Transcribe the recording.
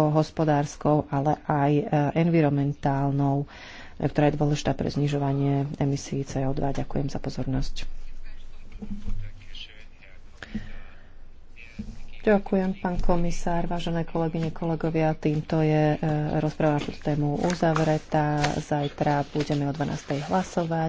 hospodárskou, ale aj e, environmentálnou, e, ktorá je dôležitá pre znižovanie emisí CO2. Ďakujem za pozornosť. Ďakujem, pán komisár, vážené kolegyne, kolegovia. Týmto je e, rozpráva tému uzavretá. Zajtra budeme o 12.00 hlasovať.